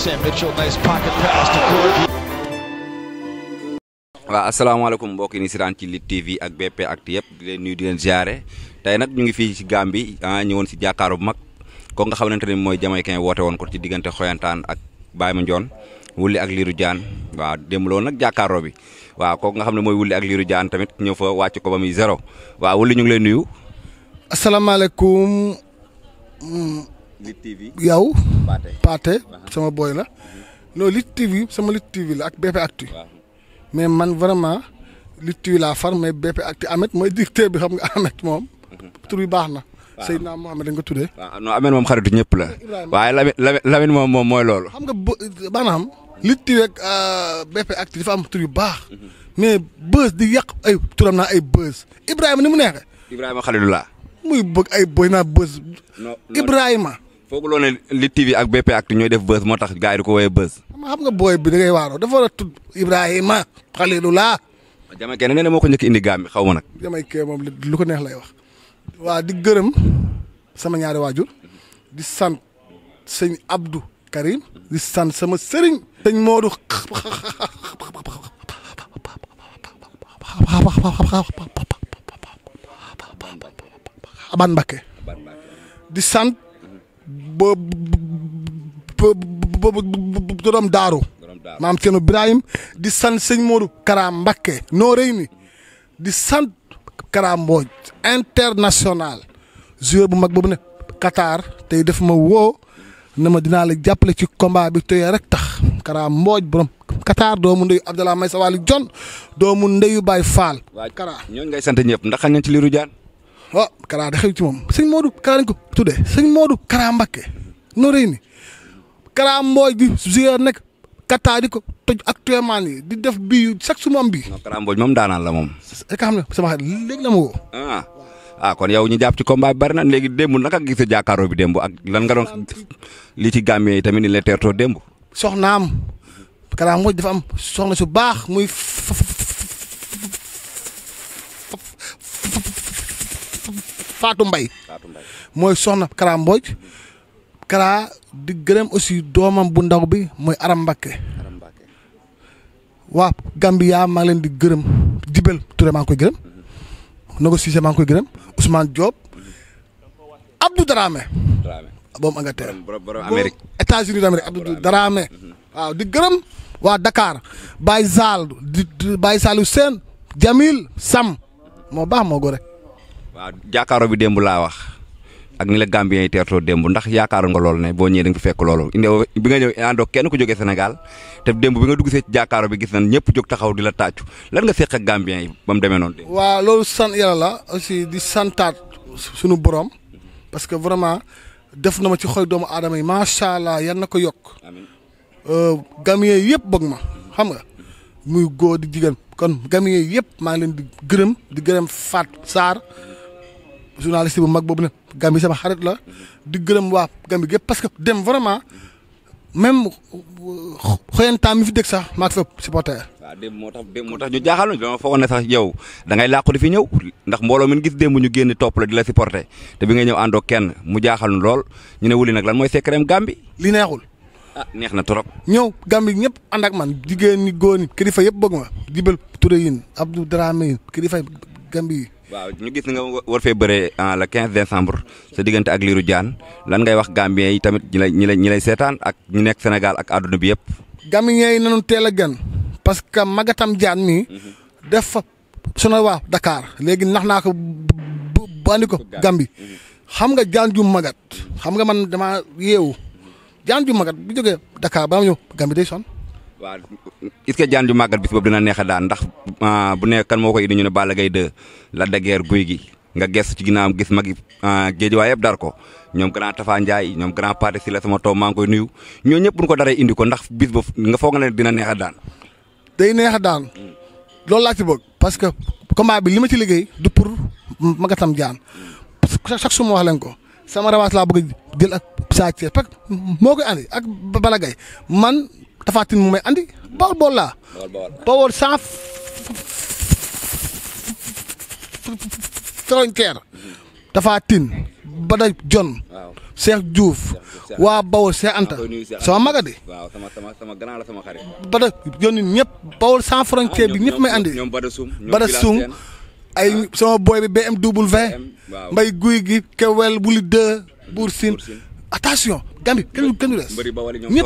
Sam Mitchell, nice pocket pass to mbokk yi ni ci Lutte TV ak BP Actu yëpp di leen nuyu di leen ziare tey nag ñu ngi fii si Gambie ah ñëwoon ci jàkkaaru bu mag ko nga xamante ne mooy Jamaïcain woote woon ko ci diggante Xoyantaan ak Baye Mandione wulli ak Lirou Diane waaw démb loolu nag jàkkaaroo bi waaw kooku nga xam ne mooy Wouly ak liiru jaan tamit ñëw fa wàcc ko ba muy zéro waaw Wouly ñu ngi lay nuyu. Lutte TV yow. Paate uh-huh. sama booy la. Uh-huh. non Lutte TV sama Lutte TV la ak BP Actu. mais man vraiment Lutte TV la far mais BP Actu Ameth mooy directeur bi xam nga Ameth moom. Uh-huh. tur bi baax na. waaw Seydina Mohamed nga tuddee. waaw non Ameth moom xaritu ñëpp la. waaye Lamine Lamine moom moom mooy loolu. xam nga bo maanaam. Lutte TV ak euh, BP ak dafa am tur yu baax. mais buzz di yàq ay turam naa ay buzz Ibrahima ni mu neexee. Ibrahima Khalilullah muy bëgg ay boy naa buzz. Ibrahima. fooguloo ne Lutte TV ak BP Actu ñooy def buzz moo tax gars yi di ko woowee buzz. xam nga booy bi da ngay waaroo dafa war a tudd Ibrahima Khalilullah. Jama Kee nga ne moo ko njëkk indi gaam xaw ma nag. Jama Kee moom lu ko neex lay wax. waa di gërëm sama ñaari waajur di sant sëñ Abdou Karim di sant sama sëriñ. sëñ Modou. Aban Mbakke. ba borom daaru maam Cerno Ibrahim di sant sëñ Modou Kara Mbacké noo rëy ni di sant Kara Mbodj international joueur bu mag boobu ne Qatar tey def ma woo na ma dinaa la jàppale ci combat bi tey rek tax Kara Mbodj borom Qatar doomu ndeyu Abdallah Maysa Waly John doomu ndeyu Baye Fall. Kara ñooñu ngay sant ñëpp ndax xañ ci liiru jaan waaw oh, Kara da xew ci moom sëñ Modou Kara lañ ko tuddee sëñ Modou Kara Mbakke noo rëy ni Kara Mbodj bi nekk Qatar di ko toj actuellement nii di def bii chaque su moom bii. non Kara Mbodj moom daanaan la moom. rek xam ne sama xarit léegi la ma ah. ah kon yow ñu jàpp ci ko bi bari na léegi démb naka gisee jàkkaaroo bi démb ak lan nga doon li ci gàmmee yi tamit ni la teertoo démb. soxnaam Kara Mbodj dafa am soxna su baax muy faatu Mbaye mooy soxna Kara Mbodj Kara di gërëm aussi doomam bu ndaw bi mooy Aram waa Gambia maa ngi leen di gërëm Dibel Touré maa koy gërëm Nogo Cissé maa koy gërëm Ousmane Diop Abdou Dramé boobu Angleterre borom Amérique États-Unis d'Amérique Abdou Dramé mhm. waaw di gërëm waa Dakar Baye Sall di Baye Saliou Sène Jamil Sam moo baax moo gore waaw jàkkaaro bi démb laa wax ak ni la Gambien yi teertoo démb ndax yaakaaroon nga loolu ne boo ñëwee da nga fekk loolu indew bi nga ñëw àndoo kenn ku jógee Sénégal te démb bi nga dugg see ci jàkkaaro bi gis nañ ñëpp jóg taxaw di la tàccu lan nga seq ak Gambien yi ba mu demee noonu. waaw loolu sant yàlla la aussi di santaat suñu borom parce que vraiment def na ma ci xol doomu aadama yi macha allah yan na ko yokk. Euh, Gambien yëpp bëgg ma xam nga muy góor di jigéen kon Gambien yëpp maa ngi leen di gërëm journaliste bu mag boobu nag Gambie sama xarit la di gërëm waa Gambie gépp parce que dem vraiment même xoyantaam mi fi dëkk sax maa ngi fa supporter. waaw démb moo tax ñu jaaxal dama foogoon ne sax yow da ngay làqu di fi ñëw ndax mbooloo mi gis démb ñu génn topp la di la supporter te bi ngay ñëw àndoo kenn mu jaaxal ñu lool ñu ne wuli nag lan mooy secret Gambie. li neexul. ah neex na trop. ñëw gambi ñëpp ànd ak man jigéen ñi góor ñi kilifa yëpp bëgg ma. Dibel Touré yin Abdou Dramé yin kilifa Gambie yi. waaw ñu gis nga war fee bëree ah, le 15 décembre sa diggante ak liiru jaan lan ngay wax Gambien yi tamit ñi lay ñi lay ñi lay seetaan ak ñi nekk Sénégal ak àdduna bi yëpp. Gambien yi nañu teel a gan parce que Magatam Diane mi mm-hmm. dafa suna waa Dakar léegi nax naa ko bandi ko Gambi mm-hmm. xam nga jaan ju magat xam nga man dama yeewu jaan ju magat bu jógee Dakar ba ma ñëw Gambi day son waaw est-ce que jaan ju màggat bis boobu dina neex a daan ndax ah, bu nekk kan moo koy indi ñu ne Balla Gaye 2 la dageer guy gi nga gestu ci ginnaawam gis magi ah, géej waay yëpp dar ko ñoom grand Tafa Ndiaye ñoom grand Pathé Sylla sama taw maa ngi koy nuyu ñoo ñëpp bu ñu ko daree indi ko ndax bis boobu nga foog nga ne dina neex a daan. day neex daan loolu laa ci bëgg parce que combat bi li ma ci liggéey du pour magatam jaan parce que suma wax leen ko sama rawaas laa bëgg jël ak saa ci parce que moo koy andi ak Balla tafaatin mu may andi bawol bawol laa bawol sans frontière tafaatin Bada Jon. waaw Cheikh waa Bawol Cheikh Anta. sama maga Bada Jon ñëpp Bawol sans frontière bi ah, ñëpp may andi. ñoom Bada Soum ay ah. sama boy bi BMW. mbay guy gi Kewel wuli 2. Mm. Bour Sine attention. Gambie kenn kenn du des. mbëri ba wala ñoom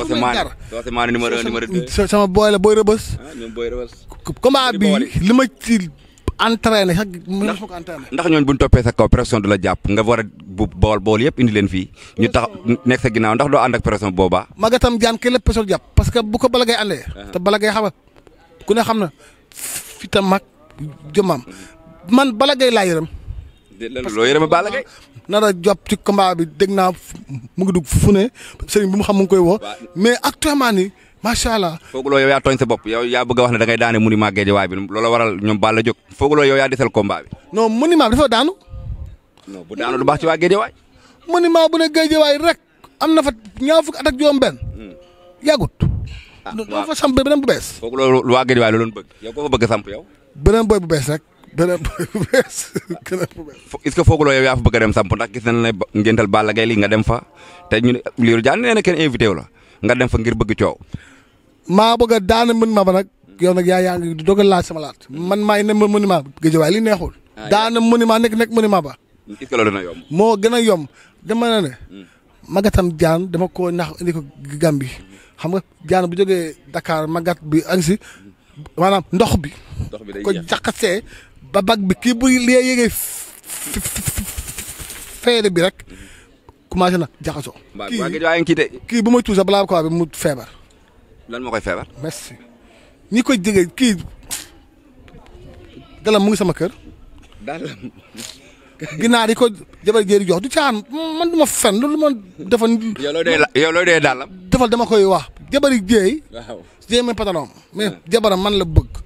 Socé Mané sama booy la booy rëbës. ah ñoom booy rëbës. li ma ci entraîné sax mën na ko entraîné. ndax ñooñu bu ñu toppee sa kaw pression du la jàpp nga war bu bool bool yëpp indi leen fii ñu tax nekk sa ginnaaw ndax doo ànd ak pression boobaa. Magatam Diagne kenn lépp pression jàpp parce que bu ko bala ngay àndee. Ah. te bala ngay xam ku ne xam na fi tam mag jëmmam man bala ngay laa yërëm loo yërëm Balla Gaye nar a jàpp ci combat bi dégg naa mu ngi dugg fu ne sëriñ bi mu xam mu ngi koy woo. mais actuellement nii macha allah. foogaloo yow yaa tooñ sa bopp yow yaa bëgg a wax ne da ngay daane monument Guédiawaye bi loola waral ñoom Balla jóg foogaloo yow yaa desal combat bi. non monument bi dafa daanu. non bu daanu lu baax ci waa Guédiawaye. monument bu ne waay rek am na fa ñaar fukki at ak juróom-benn. Hmm. yàggut. ah waaw dafa samp beneen bu bees. foogaloo waa Guédiawaye la doon bëgg yow ko bëgg samp yow. beneen booy bu bees rek. beneen bu bees beneen bu dem samp ndax gis nañ ne ngéntal Balla Gaye lii nga dem fa te ñu Lirou Diane nee na kenn invité wu la nga dem fa ngir bëgg coow. maa bëgg a daana mën ma ba nag yow nag yaa yaa ngi doog a laaj laat man maay ne ma monument géej waaye li neexul. daana monument nekk nekk monument ba. est-ce que loolu dina moo gën a yomb dama ne ne. Hmm. Magatam Diane dama ko nax indi ko Gambie xam nga Diane bu jógee Dakar magat bi ak si ndox bi. ndox bi day ko jaxasee ba bag bi kii bu lee feere bi rek commencé na jaxasoo. kii waaw kii bu may tuusa balaa ko bi mu feebar. lan moo koy feebar. merci ni koy jege kii dalam mu sama kër. dalam. ginaar yi ko jabar jéeri jox du caan man du ma fen loolu man dafa. yow looy dee la yow looy dee dalam. dama koy wax jabar yi jéey. mais ah. jabaram man la bëgg.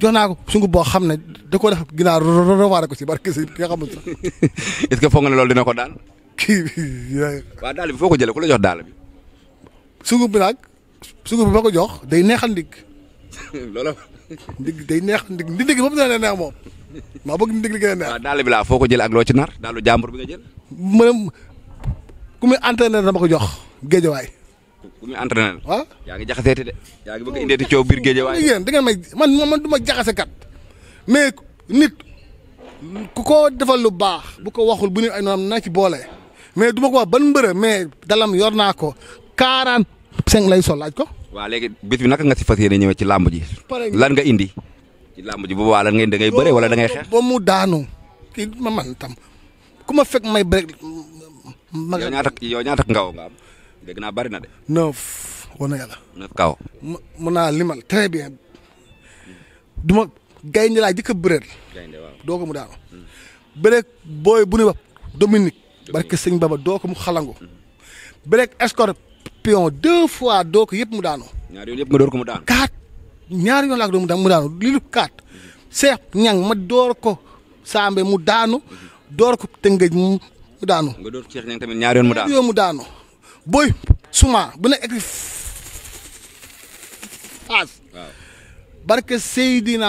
jox naa ko sungub boo xam ne da koo def ginnaaw rewaare ko si barke si nga xamul sax. est-ce que foog nga ne ko daal. kii bi waaw daal bi foo ko jëlee ku la jox daal bi. sungub bi nag sungub bi ko jox day neexal ndig. loolu day neex ndig ndig moom dina neex moom maa bëgg ndig li gën daal bi laa foo ko jëlee ak loo ci nar daalu jàmbur bi nga jël. ma ne ku muy entraîneur dama ko jox géejawaay. ku muy entraîneur ah yaa ngi jaxaseeti de yaa ngi bëgg indeeti coow biir géej waaye yéen da ngeen may man man du ma jaxase kat mais nit ku ko defal lu baax bu ko waxul bu ne ay noonu na ci boole mais du ma ko wax ban mbërë mais dalam yor naa ko quarante cinq lay sol laaj ko waaw léegi bés bi naka nga si fas yéene ñëwee ci làmb ji lan nga indi ci làmb ji bu boobaa lan ngay da ngay bëre wala da ngay xeex ba mu daanu kii ma man tam ku ma fekk may bëre ma yow ñaata yow ñaata ngaw nga am dégg naa bari na de. neuf war na yàlla. neuf kaw. mën naa limal très bien du gaynde laa jëkk a bëreel. doo ko mu daanu. bëreeg booy bu ba Dominique. barke sëñ Baba doo mu xalango. bëreeg escorpion deux fois doo ko mu daanu. ñaar yoon yëpp door ko mu daanu. quatre ñaar yoon laa ko door mu daanu mu daanu lii lu ma door ko saambe mu daanu. Mhm. door ko tëngëj mu daanu. nga door ko seex ñang tamit ñaar yoon mu daanu. ñaar yoon mu daanu. booy suma bu nekk écrit face. waaw barke Seydina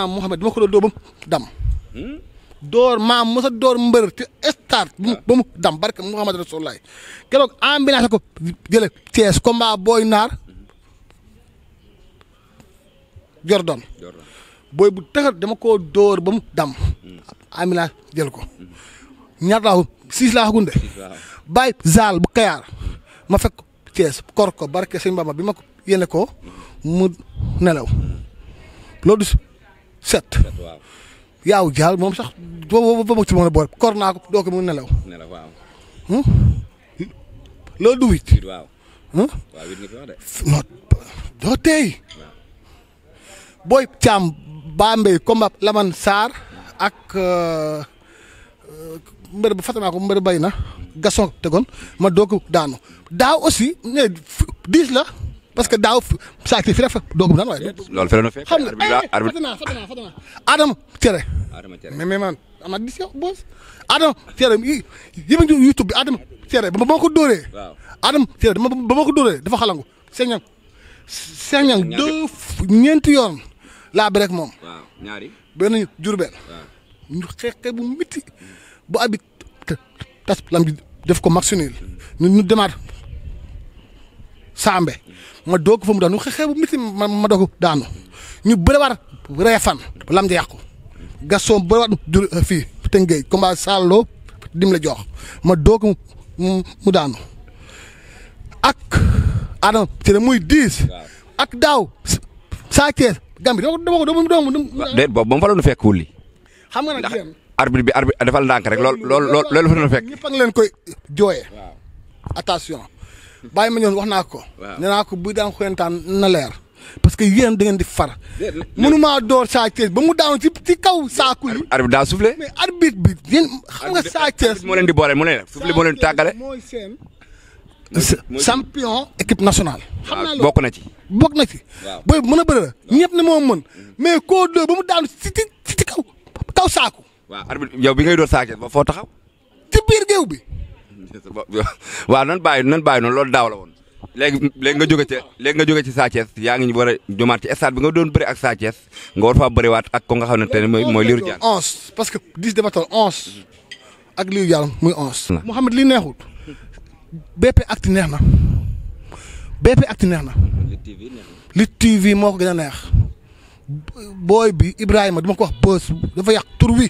ko doon dóor ba mu dam. Hmm? door maam mos a door mbër te start. Ah. ba mu dam barke Mohamed Rasulullah keroog ambulance ko jële Thiès combat booy naar. Jordan booy bu taxar dama koo dóor ba mu dam. Hmm. ambulance jël ko. Hmm. ñaar laa ko six laa ko gunde. bàyyi zaal ma fekk Thiès kor ko barke sëñ Bamba bi ma ko yéene ko mu nelaw loolu du set. yaaw jaal moom sax boobu boobu ci mën a boole kor naa ko doo ko mu nelaw. Hmm? loolu du wit. Hmm? non doo tey booy caam Bambey combat Laman Sarr ak. Euh, mbër bu fàtte naa ko mbër bay na gason tegoon ma doog daanu daa aussi ne diis la parce que daaw saa fi def doog bu daan waaye. loolu fële na fekk xam nga fàtte naa fàtte man ama dis yi yi ma YouTube bi Adama Tere ba ma ko dóoree. waaw Adama Tere ba ma ko dóoree dafa xalangu Sengnan. Sengnan deux ñeenti yoon laa bi rek moom. bu abi tas lam bi def ko max sunil ñu ñu demaat ma doog fa mu daanu xeexee bu métti ma ma doog daanu ñu bëriwaat reefan lam ja yàqu gaston bëriwaat du fii tëngéej combat Saaloo dim la jox ma doog mu daanu ak Adama ci la muy diis ak daaw saa Thiès Gambie dama ko dama ko dama ko. déet boobu ba mu fa doon fekk wulli xam nga nag arbitre bi arbitre defal ndànk rek lool lool lool loolu fa na fekk. ñëpp a ngi leen attention bàyyi ma ñoon wax naa ko. nee naa ko buy daan xoyantaan na leer. parce que yéen da ngeen di far. mënumaa door Sa Thiès ba mu daanu ci ci kaw saaku yi. arbitre daa soufflé. mais arbitre bi yéen xam nga Sa Thiès. moo leen di boole mu ne la soufflé moo leen di tàggale. mooy seen champion équipe nationale. xam naa bokk na ci. bokk na ci. waaw booy a bëri ñëpp ne moo mën. Mm-hmm. mais koo dóor ba mu daanu ci ci ci kaw kaw saaku. waaw arbitre yow bi ngay door Sa Thiès ba foo taxaw. ci biir géew bi. waaw nan bàyyi nan bàyyi noonu daaw la woon léegi léegi nga jóge ci léegi nga jóge ci Sa yaa ngi war jomaat ci stade bi nga doon bëri ak Sa Thiès nga war faa bëriwaat ak ko nga xam ne tey mooy mooy Lirou Diane. onze parce que dix dafa toll onze ak Lirou Diane muy onze. Mouhamed li neexut BP Actu neex na BP Actu neex neex na. Lutte TV moo ko gën a neex. booy bi Ibrahima dama ko wax bës dafa yàq tur wi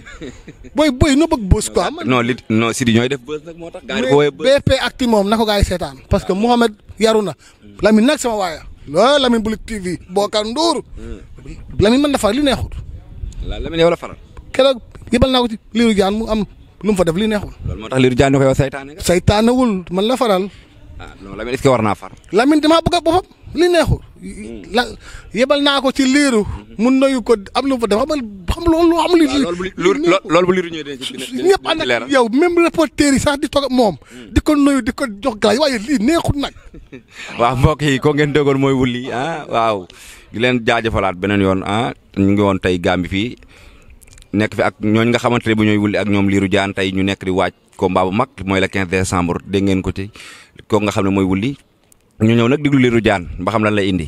booy booy na bëgg bës quoi. non li non Sidi ñooy def bës nag moo tax. gaa yi booyee bës BP Actu moom na ko gaa seetaan. parce que Mouhamed yaru na. Lamine nag sama waaya la Lamine Bulik TV. Bokar Ndour. Hmm. Lamine man dafa li neexul. la Lamine la faral. keroog yëbal naa ko ci liiru jaan mu am lu mu fa def li neexul. loolu moo tax liiru jaan ne ko yow man la faral. ah non Lamine est-ce war naa far. Lamine damaa a boppam li neexul. Hmm. la yebal naa ko ci liiru. Hmm. mun nañu ko am lu fa dafa xam loolu am lu. loolu bu liiru ñëwee ñëpp ànd ak yow même reporter yi sax di toog moom. Hmm. di ko nuyu di ko jox gars yi waaye lii neexul nag. waaw mbokk yi ko ngeen déggoon mooy wulli ah waaw. di leen jaajëfalaat beneen yoon ah ñu ngi woon tey Gambie fii. nekk fi ak ñooñ nga xamante ne bu ñooy wulli ak ñoom liiru jaan tey ñu nekk di waaj combat bu mag mooy la 15 décembre dégg ngeen ko ci. kooku nga xam ne mooy wulli ñu ñëw nag diglu liiru jaan ba xam lan lay indi.